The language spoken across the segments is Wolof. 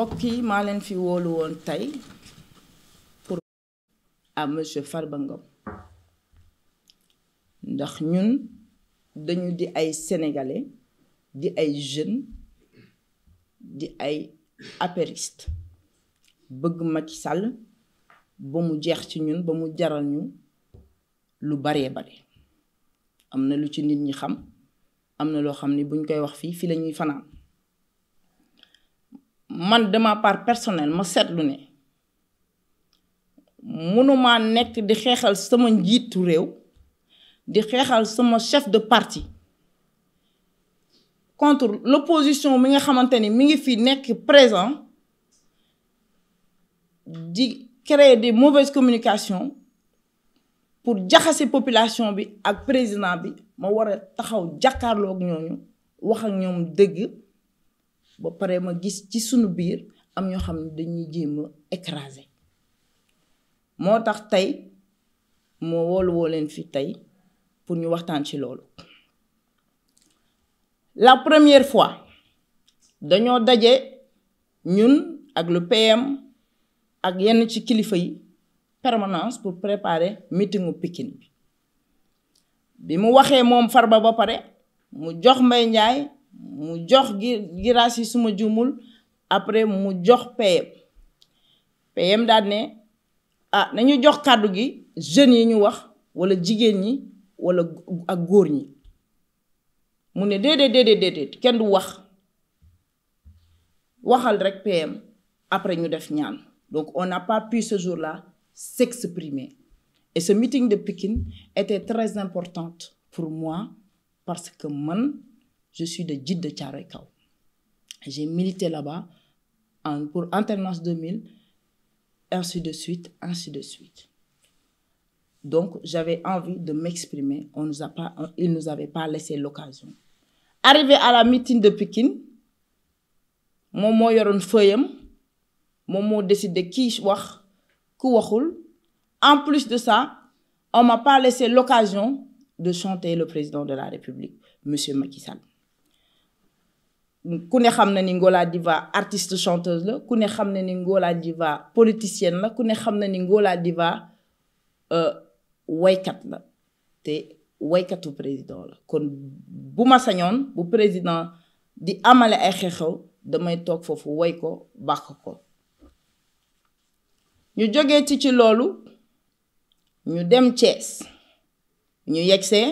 mbokk yi maa leen fi woolu woon tey pour à monsieur Farba ndax ñun dañu di ay sénégalais di ay jeunes di ay apériste bëgg Macky Sall ba mu jeex ci ñun ba mu jaral ñu lu baree bare am na lu ci nit ñi xam am na loo xam ni buñ koy wax fii fii lañuy fanaan man de ma part personnelle ma seetlu ne mënuma nekk di xeexal sama njiitu réew di xeexal sama chef de parti contre l'opposition mi nga xamante ni mi ngi fi nekk présent di créer des mauvaises communication pour jaxase population bi ak président bi ma war a taxaw jàkkaarlook ak ñooñu wax ak ñoom dëgg ba pare ma gis ci sunu biir am ñoo xam ne dañuy jéem a écraser moo tax tey moo woolu leen fi tey pour ñu waxtaan ci loolu la première fois dañoo daje ñun ak lu PM ak yenn ci kilifa yi permanence pour préparer meetingu Pikine bi bi mu waxee moom Farba ba pare mu jox mbay Ndiaye mu jox gi giraas yi suma juumul après mu jox PM PM daal ne ah nañu jox kàddu gi jeunes yi ñu wax wala jigéen ñi wala ak góor ñi mu ne déedéet déedéet kenn du wax waxal rek PM après ñu def ñaan donc on n'a pas pu ce jour-là s'exprimer et ce meeting de Pikine était très important pour moi parce que man Je suis de Djid de Tcharekao. J'ai milité là en, pour Alternance 2000, ainsi de suite, ainsi de suite. Donc, j'avais envie de m'exprimer. On nous a pas, laissé l'occasion. Arrivé à la meeting de Pékin, moom moo yoroon fëyam moom moo décidé kii wax ku waxul en plus de ça on m'a pas laissé l'occasion de chanter le président de la République monsieur Macky ku ne xam na ni Ngola Diva artiste chanteuse la ku ne xam na ni Ngola Diva politicienne la ku ne xam na ni Ngola Diva euh, waykat la te woykatu président la kon bu ma sañoon bu président di amale ay xeexew damay toog foofu woy ko bàq ko ñu jógee ci ci loolu ñu dem Thiès ñu yegsee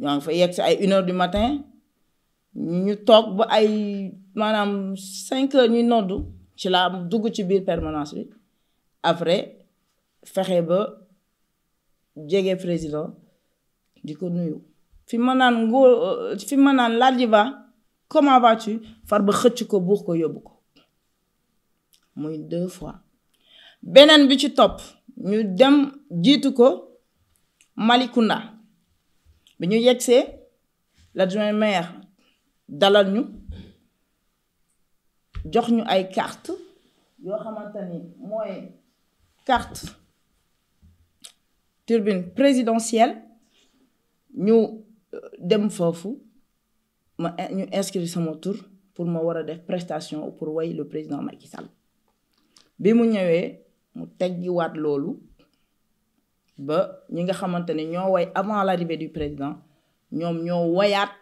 ñoo ngi fa yegsi ay une heure matin ñu toog ba ay maanaam cinq heures ñuy noddu ci laa dugg ci biir permanence bi après fexe ba jege président di ko nuyu fi ma naan ngoo fi ma naan laaj yi ba comment far ba xëcc ko buux ko yóbbu ko muy deux fois beneen bi ci topp ñu dem jiitu ko Malicounda bi ñu yegsee l'adjoint maire dalal ñu jox ñu ay carte yoo xamante ni mooy carte tribune présidentielle ñu euh, dem foofu ma eh, ñu inscrire sama tour pour ma war a def prestation pour way le président Macky Sall bi mu ñëwee mu teggiwaat loolu ba ñi nga xamante ne ñoo woy avant l'arrivée du président ñoom ñoo woyaat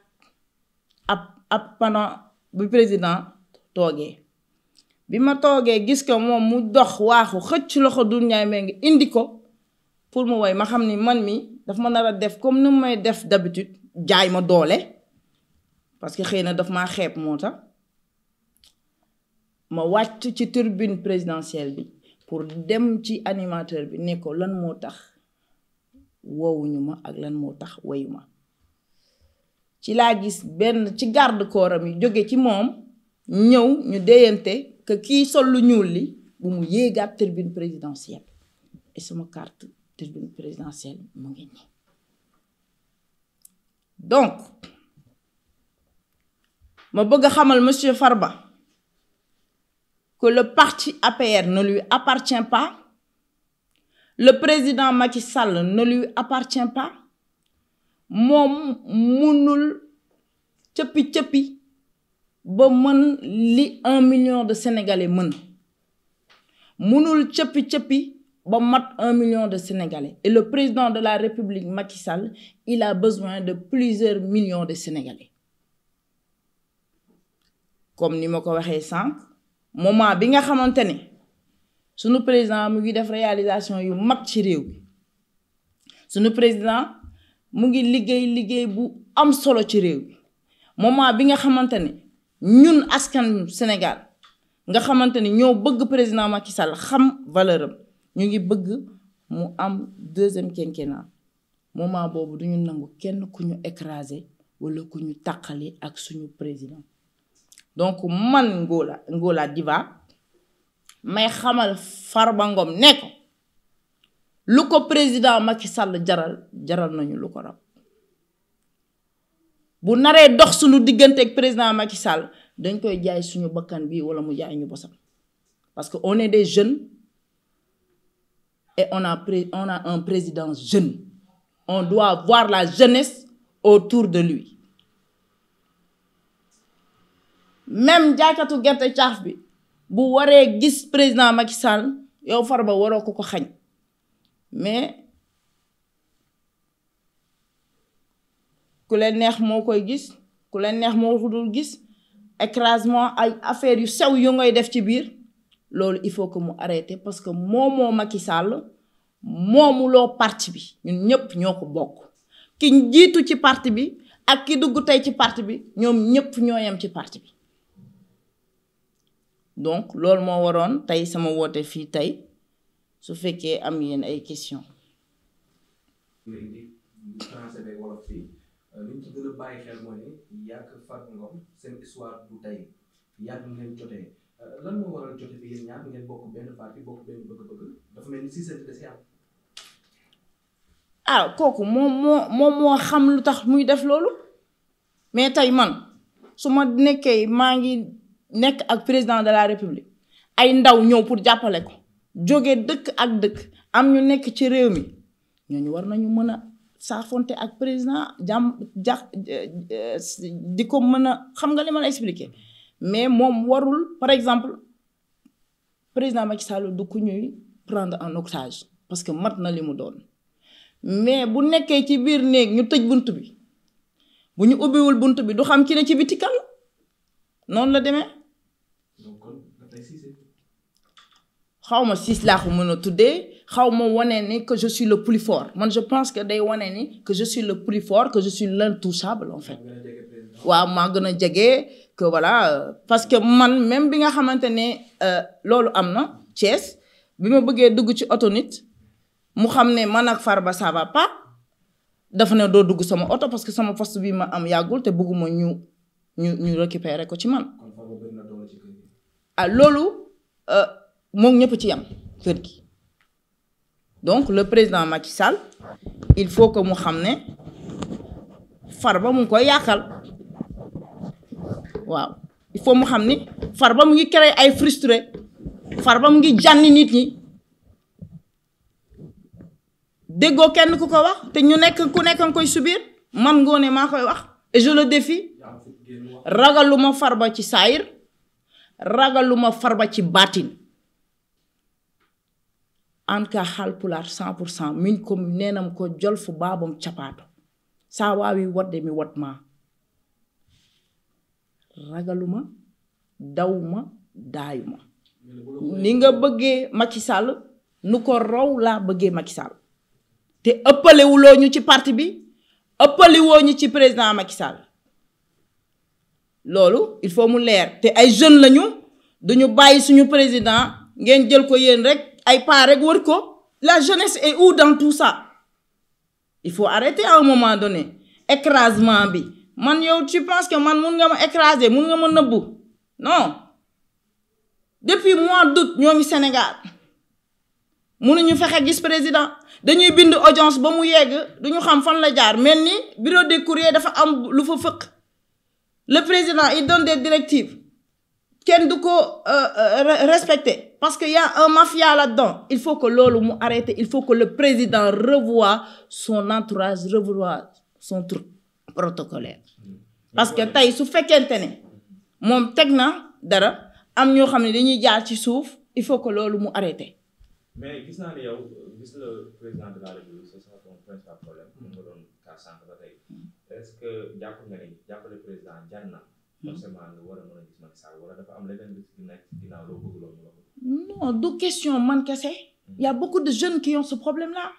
ab pano bu président toogee bi ma toogee gis ko moom mu dox waaxu xëcc loxo Doudou Ndiaye Mbengue indi ko pour mu woy ma xam ni man mii daf ma nar a def comme ni may def d'habitude jaay ma doole parce que xëy na daf maa xeeb moo tax ma wàcc ci turbine présidentielle bi pour dem ci animateur bi nekkoo lan moo tax woowuñu ma ak lan moo tax woyu ma ci laa gis benn ci garde corps am jóge ci moom ñëw ñu déyante que kii sol lu ñuul li bu mu yéegaat tribune présidentielle et sama carte tribune présidentielle mu ngi nii donc ma bëgg a xamal monsieur Farba que le parti APR ne lui appartient pas le président Macky Sall ne lui appartient pas moom munul cëppi-cëppi ba mën li un million de sénégalais mën munul cëppi-cëppi ba mat un million de sénégalais et le président de la république Macky Sall il a besoin de plusieurs million de sénégalais comme ni ma ko waxee sànq moment bi nga xamante ne sunu président mu ngi def réalisation yu mag ci réew bi sunu président mu ngi liggéey liggéey bu am solo ci réew bi moment bi nga xamante ne ñun askan Sénégal nga xamante ne ñoo bëgg président Macky Sall xam valeur am ñu ngi bëgg mu am deuxième quinquennat moment boobu duñu nangu kenn ku ñu écraser wala ku ñu taqali ak suñu président donc man Ngoola Ngoola Diva may xamal Farba Ngom ne ko lu ko président Macky Sall jaral jaral nañu lu ko rab bu naree dox suñu digganteek président Macky Sall dañ koy jaay suñu bakkan bii wala mu jaay ñu bosam parce que on est des jeunes et on a on a un président jeune on doit voir la jeunesse autour de lui même jaaykatu gerte caaf bi bu waree gis président Macky Sall yow Farba waroo ko ko xañ mais ku leen neex moo koy gis ku leen neex moo ko gis écrasement ay affaire yu sew yu ngay def ci biir loolu il faut que mu arrêté parce que moomoo Macky sàll moomuloo parti bi ñun ñëpp ñoo ko bokk ki jiitu ci parti bi ak ki dugg tey ci parti bi ñoom ñëpp ñoo yam ci parti bi donc loolu moo waroon tey sama woote fii tey su fekkee am yéen ay question euh, li ñu ci gën a bàyyi xel mooy ne yàgg Fatou Ngom seen histoire du tey yàgg ngeen jotee euh, lan moo waral jote bi yéen ñaar ngeen bokk benn parti dafa mel si seen dese am. ah kooku moom moo moom moo xam lu tax muy def loolu mais tey man su ma nekkee maa ngi nekk ak président de la république ay ndaw ñëw pour jàppale ko jóge dëkk ak dëkk am ñu nekk ci réew mi ñooñu war nañu mën a saafonte ak président jàmm jax di ko mën a xam nga li ma la expliqué mais moom warul par exemple président Macky Sall du ku ñuy prendre en otage parce que mat na li mu doon mais bu nekkee ci biir néeg ñu tëj bunt bi bu ñu ubbiwul bunt bi du xam ki ne ci biti kan noonu la demee xaw ma siis laa mën a tuddee xaw ma wane ni que je suis le plus fort man je pense que day wane ni que je suis le plus fort que je suis l'intouchable en fait waaw maa gën a jege que voilà euh, parce que man même bi nga xamante ne euh, loolu am na Thiès bi ma bëggee dugg ci oto nit mu xam ne man ak far ba va pas dafa ne doo dugg sama oto parce que sama poste bi ma am yàggul te bëgguma ñu ñu ñu récupérer ko ci man ah loolu euh, moom ñëpp ci yam kër gi donc le président Macky Sall il faut que mu xam ne Farba mu ngi koy yàqal waaw il faut mu xam ni Farba mu ngi créer ay frustré Farba mu ngi jànni nit ñi déggoo kenn ku ko wax te ñu nekk ku nekk nga koy subir man Ngoné maa koy wax et je le défie ragaluma Farba ci saayir ragaluma ba ci baatin an ka halpular 100% min ko nenam ko jolfo babam capato sa wawi wadde mi watma ragaluma dawma daayuma ni nga bëggee Macky nu ko raw laa bëggee Macky te ëppalewuloo ñu ci parti bi ëppaliwoo ñu ci président Macky loolu il faut mu leer te ay jeune lañu duñu bàyyi suñu président ngeen jël ko yéen rek ay parents rek wër ko la jeunesse est où dans tout ça il faut arrêter à un moment donné écrasement bi man yow ci penses que man mun nga ma écraser mun nga ma nëbbu non depuis mois d'août ñoo ngi Sénégal munuñu fexe gis président dañuy bind audience ba mu yegg duñu xam fan la jaar mel ni bureau des courier dafa am lu fa fëq le président il donne des directives kenn du ko euh, euh, respecté parce que y a un mafia là-dedans. Il faut que l'OLU arrête. Il faut que le président revoie son entourage, revoie son truc protocolaire. Mm. Parce que tay su fekkente ne moom teg na dara am ñoo xam ne dañuy jaar ci suuf il faut que loolu mu arrêté. mais gis naa ne yow gis la que jàpp nga ni président a mën a gis non du question man kese yaa a beaucoup de jeunes qui ont ce problème là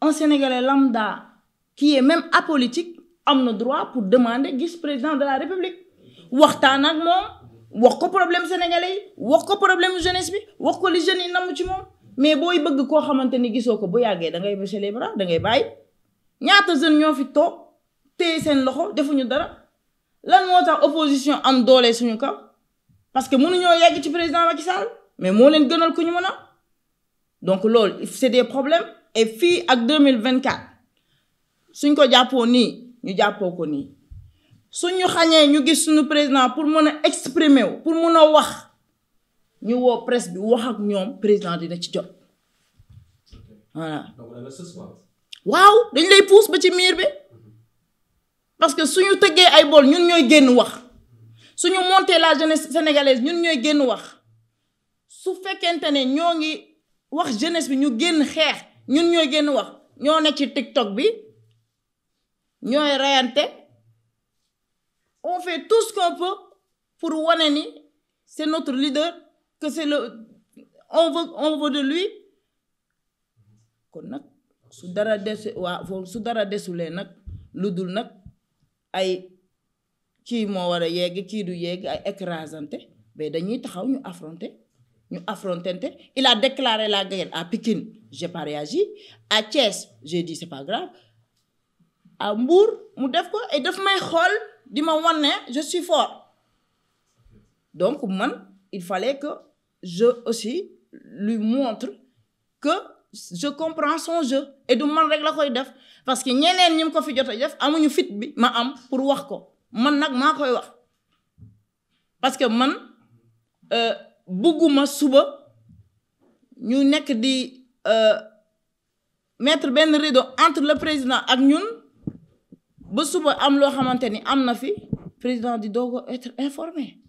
un sénégalais lambda qui est même apolitique am na droit pour demander gis président de la république waxtaan ak moom wax ko problème sénégalais yi wax ko problème jeunesse bi wax ko li jeunes yi namm ci moom mais booy bëgg koo xamante ni gisoo ko bu yàggee da ngay baisser les bras da ngay bàyyi ñaata jeunes ñoo fi toog te seen loxo defuñu dara lan moo tax opposition am doole suñu kaw. parce que mënuñoo yegg ci président Macky Sall mais moo leen gënal ku ñu mën a donc loolu c'est des problème et fii ak 2024 suñ ko jàppoo nii ñu jàppoo ko nii suñu xañee ñu gis suñu président pour mën a exprimer wu pour mën a wax ñu woo presse wax ak ñoom président dina ci jot voilà waaw dañ lay puus ba ci miir bi parce que suñu tëggee ay bool ñun ñooy génn wax suñu monter la jeunesse sénégalaise ñun ñooy génn wax su fekkente ne ñoo ngi wax jeunesse bi ñu génn xeex ñun ñooy génn wax ñoo nekk ci TikTok bi ñooy reyante on fait tout ce pour wone ni c'est notre leader que c'est le on veut de lui kon nag su dara desu waa su dara desulee nag lu dul nag ay kii moo war a yegg kii du yegg ay écrasante mais dañuy taxaw ñu affronter ñu affrontente il a déclaré la guerre à Pikine j'ai pas réagi à Thiès j'ai dit c'est pas grave à Mbour mu def ko et daf may xool di ma wan ne je suis fort donc man il fallait que je aussi lui montre que je comprends son jeu et du man rek la koy def parce que ñeneen ñi ko fi jot a def amuñu fit bi ma am pour wax ko man nag maa koy wax parce que man euh, bugguma suba ñu nekk di euh, metre benn rideau entre la président ak ñun ba suba am loo xamante ni am na fi président di doog a être informé.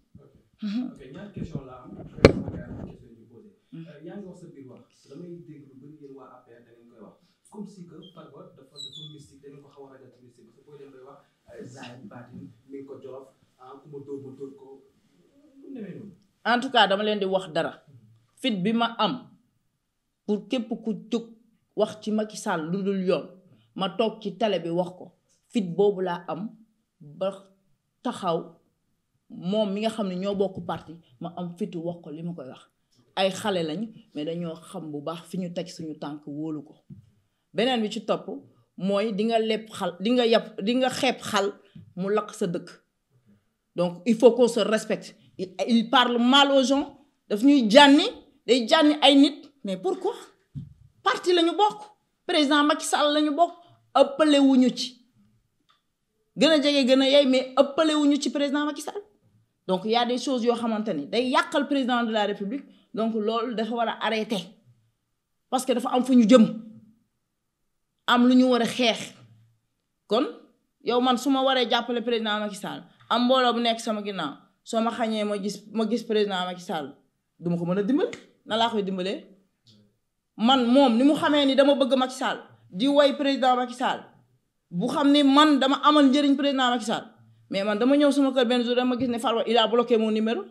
zaayam en tout cas dama leen di wax dara fit bi ma am pour képp ku jóg wax ci ki Sall lu dul yoon ma toog ci télé bi wax ko fit boobu laa am ba taxaw moom mi nga xam ne ñoo bokk parti ma am fitu wax ko li ma koy wax ay xale lañ mais dañoo xam bu baax fi ñu teg suñu tànk wóolu ko beneen bi ci topp mooy dinga nga xal di nga yab di nga xeeb xal mu lakk sa dëkk donc il faut qu'on se respecte il parle mal aux gens daf ñuy jànni day jànni ay nit mais pourquoi parti la ñu bokk président Macky Sall la ñu bokk ëppale wuñu ci gën a jege gën a yey mais ëppale wuñu ci président Macky Sall donc y a des choses yoo xamante ni day yàqal président de la république donc loolu dafa war a arrêter parce que dafa am fu ñu jëm am lu ñu war a xeex kon yow man su ma waree jàppale président Macky Sall am mbooloo bu nekk sama ginnaaw soo ma xañee ma gis ma gis président Macky du ma ko mën a dimbal na laa dimbalee man moom ni mu xamee ni dama bëgg Macky Sall di woy président Macky Sall bu xam ni man dama amal njëriñ président Macky Sall mais man dama ñëw sama kër benn jour ma gis ne Farba il a bloqué mon numéro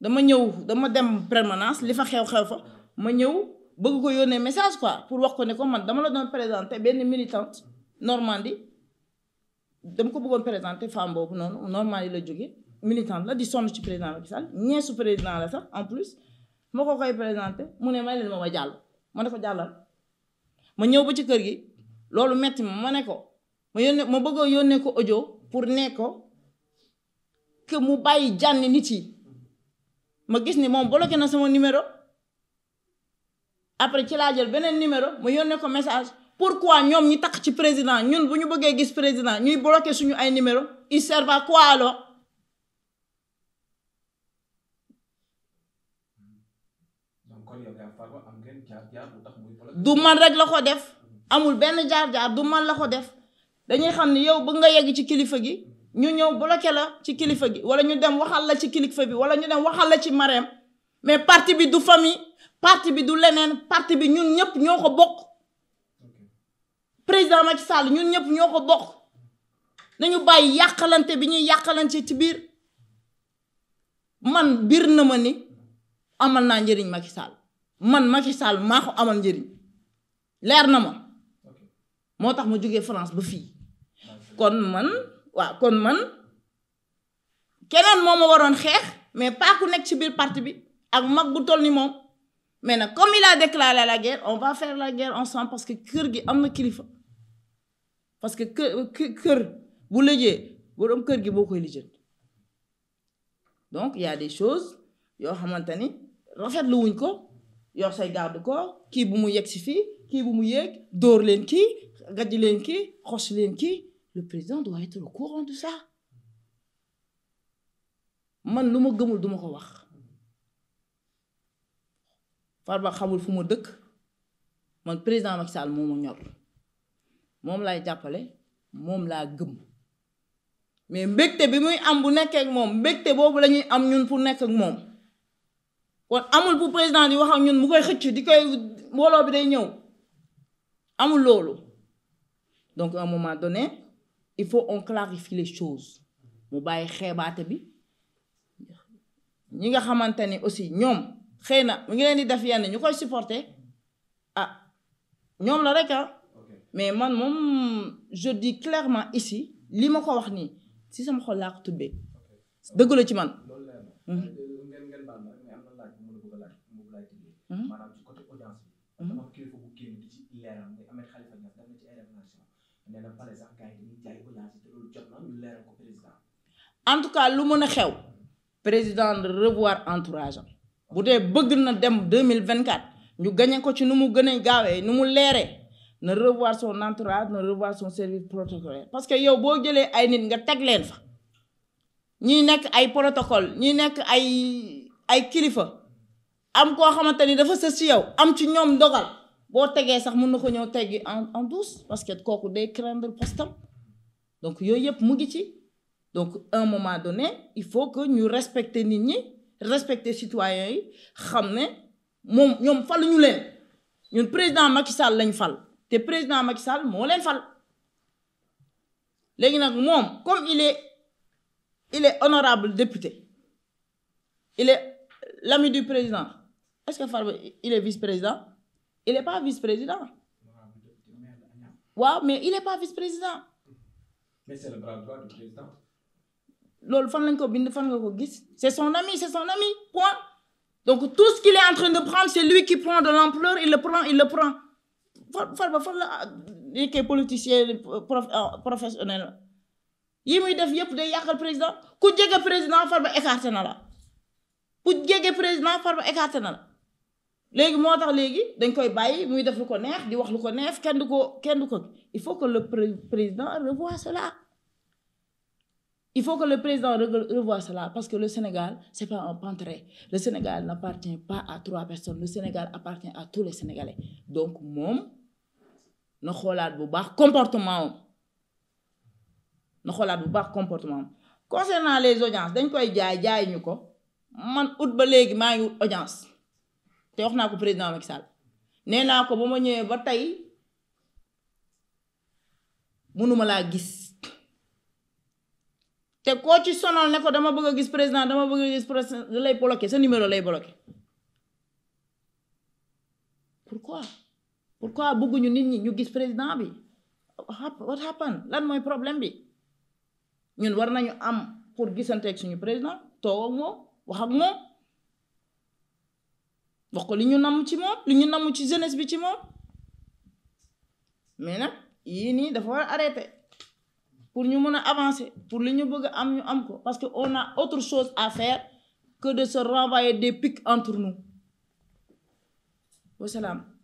dama ñëw dama dem permanence li fa xew-xew fa ma ñëw bëgg ko yónnee message quoi pour wax ko ne ko man dama la doon présenter benn militante Normandie dama ko bëggoon présenter femme boobu noonu Normandie la jógee militante la di sonn ci président Macky Sall ñeesu président la sax en plus ma ko koy présenter mu ne may leen ma ma jàll ma ne ko jàllal ma ñëw ba ci kër gi loolu metti ma ma ne ko ma yónnee ma bëgg yónnee ko ojo pour ne ko que mu bàyyi jànni nit yi ma gis ni moom bloqué na sama numéro. après ci laa beneen numéro mu yónnee ko message pourquoi ñoom ñi takk ci président ñun bu ñu bëggee gis président ñuy bloqué suñu ay numéro il sert à quoi alors du man rek la ko def amul benn jaar-jaar du man la ko def dañuy xam ni yow bëgg nga yegg ci kilifa gi ñu ñëw bloqué la ci kilifa gi wala ñu dem waxal la ci kilifa bi wala ñu dem waxal la ci mareem mais parti bi du famille parti bi du leneen parti bi ñun ñëpp ñoo ko bokk président Macky Sall ñun ñëpp ñoo ko bokk nañu bàyyi yàqalante bi ñuy yàqalante ci biir man biir na ma ni amal naa njëriñ Macky Sall man Macky Sall maa ko amal njëriñ leer na ma moo tax ma jógee France ba fii kon man waaw kon man keneen moo ma waroon xeex mais pas ku nekk ci biir parti bi ak mag bu toll ni moom mais nag comme il a déclaré la guerre on va faire la guerre ensemble parce que kër gi am na kilifa parce que kë kër bu lëjee boroom kër gi boo koy lijjat donc y a des choses yoo xamante ni rafetlu wuñ ko yor say garde corps kii bu mu yegg si fii kii bu mu yéeg dóor leen kii gàjj leen kii xos leen kii le président doit être au courant de ça man lu ma gëmul duma ko wax ba xamul fu ma dëkk man président Macky Sall moo ma ñor moom laay jàppale moom laa gëm mais mbégte bi muy am bu nekkee moom mbégte boobu la ñuy am ñun pour nekk moom kon amul bu président di wax ak ñun mu koy xëcc di koy mbooloo bi day ñëw amul loolu donc à un moment il faut on clarifie les choses mu bàyyi xeebaate bi ñi nga xamante ni aussi ñoom. xëy na mu ngi leen di def yenn ñu koy supporter ah ñoom la rek ah mais man moom je dis clairement ici li ma ko wax nii si sama xol laa ko tubbee dëgg la ci man. maanaam ci côté audience bi. Hmm. dafa am kilifa bu na ci ay révélation nee na pare sax gars en tout cas lu mën a xew président de revoir entourage bu dee bëgg na dem deux mille vingt quatre ñu gañe ko ci nu mu gën gaawee nu mu leeree na revoir son entourage na revoir son service protocole parce que yow boo jëlee ay nit nga tag leen fa ñi nekk ay protocole ñi nekk ay ay kilifa am koo xamante ni dafa sës ci yow am ci ñoom ndogal boo tegee sax mun na ko ñëw teggi en en douce parce que kooku day craindre postam donc yooyu yëpp mu ngi ci donc un moment donné il faut que ñu respecter nit ñi. respecter citoyens yi xam ne moom ñoom faluñu leen ñun président Macky Sall lañ fal te président Macky Sall moo leen fal léegi nag moom comme il est il est honorable député il est l'ami du président est-ce que Farba il est vice-président il est pas vice-président waaw mais il est pas vice président loolu fan lañ ko bind fan nga ko gis c'est son ami c'est son ami point donc tout ce qu'il est en train de prendre c'est lui qui prend de l'ampleur il le prend il le prend Farba fan la nekkee ah, politicien ah, professionnel la yi muy def yëpp day yàqal président ku jege président Farba écarté na la ku jege président Farba écarté na la léegi moo tax léegi dañ koy bàyyi muy def lu ko neex di wax lu ko neex kenn du ko kenn du ko il faut que le président revoie cela il faut que le président revoie cela parce que le Sénégal c'est pas un panteré le Sénégal n'appartient pas à trois personnes le Sénégal appartient à tous les Sénégalais donc moom na xoolaat bu baax comportement am na xoolaat bu baax comportement am concernant les audiences dañ koy jaay jaay ñu ko man ut ba léegi maa ngi wut audience te wax naa ko président Macky Sall nee naa ko ba ma ñëwee ba tey mënuma laa gis te koo ci sonal ne ko dama bëgg a gis président dama bëgg a gis président lay bloqué sa numéro lay bloqué pourquoi pourquoi bëgguñu nit ñi ñu gis président bi what happened lan mooy problème bi ñun war nañu am pour gisante ak suñu président toog ak moom wax ak moom wax ko li ñu namm ci moom li ñu namm ci jeunesse bi ci moom mais nag yii nii dafa war a arrêté pour ñu mun a avancer pour li ñu bëgg am ñu am ko parce que on a autre chose à fair que de se renvoyer des pics entre nous wasalaam